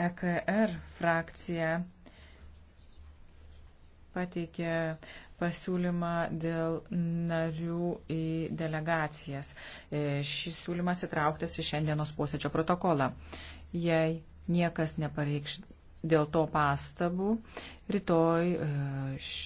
EKR frakcija pateikė pasiūlymą dėl narių į delegacijas. E, šis siūlymas įtrauktas į šiandienos posėdžio protokolą. Jei niekas nepareikš dėl to pastabų, rytoj e,